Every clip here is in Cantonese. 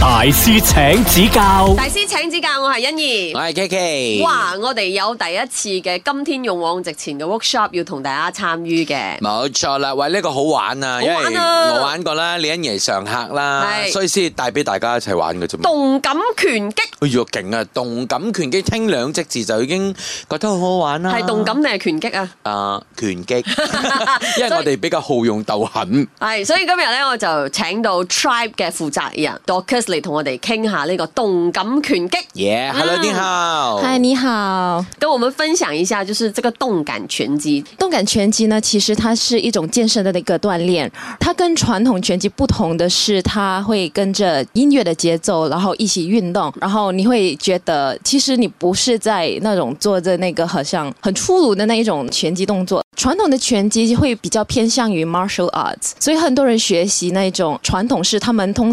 大師請指教，大師請指教，我係欣怡，我係 Kiki。哇，我哋有第一次嘅今天勇往直前嘅 workshop 要同大家參與嘅，冇錯啦。喂，呢個好玩啊，因為我玩過啦，李欣怡常客啦，所以先帶俾大家一齊玩嘅啫。動感拳擊，哎呀，勁啊！動感拳擊聽兩隻字就已經覺得好好玩啦。係動感定係拳擊啊？啊，拳擊，因為我哋比較好用鬥狠。係，所以今日呢，我就請到 Tribe 嘅。複雜一樣 Dorcas Lee 同我哋傾下呢個動感拳擊。Yeah，Hello，你好，嗨，你好，跟我們分享一下，就是這個動感拳擊。動感拳擊呢，其實它是一種健身的那個鍛煉。它跟傳統拳擊不同的是，它會跟着音樂的節奏，然後一起運動，然後你會覺得其實你不是在那種做着那個好像很粗魯的那一種拳擊動作。傳統的拳擊會比較偏向於 martial arts，所以很多人學習那種傳統式，他們通。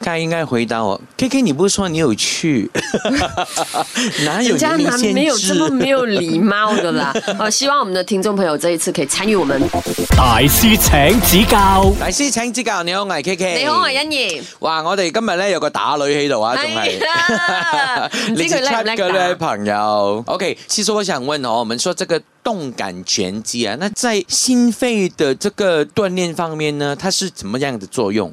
他應該回答我，K K，你不是說你有去？ 哪有，家沒有這麼沒有禮貌的啦？ 我希望我們的聽眾朋友這一次可以參與我們。大師請指教，大師請指教，你好，我係 K K，你好，我係欣怡。哇，我哋今日呢，有個打女喺度啊，仲係，呢最叻嘅位朋友。OK， 其實我想問哦，我們說這個動感拳擊啊，那在心肺的這個鍛煉方面呢，它是怎麼樣的作用？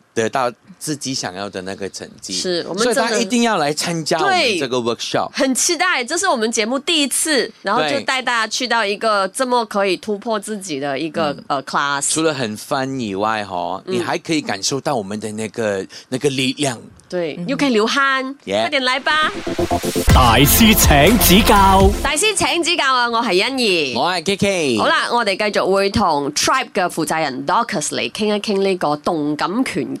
得到自己想要的那個成績，是，我們真的，所以他一定要來參加我們這個 workshop。很期待，這是我們節目第一次，然後就帶大家去到一個這麼可以突破自己的一個呃 class、嗯。除了很 fun 以外，哈，你還可以感受到我們的那個、嗯、那個力量。對，又可以流汗，快點來吧。大師請指教，大師請指教啊！我係欣怡，我係 K K。好啦，我哋繼續會同 Tribe 嘅負責人 Dorcas 嚟傾一傾呢個動感拳擊。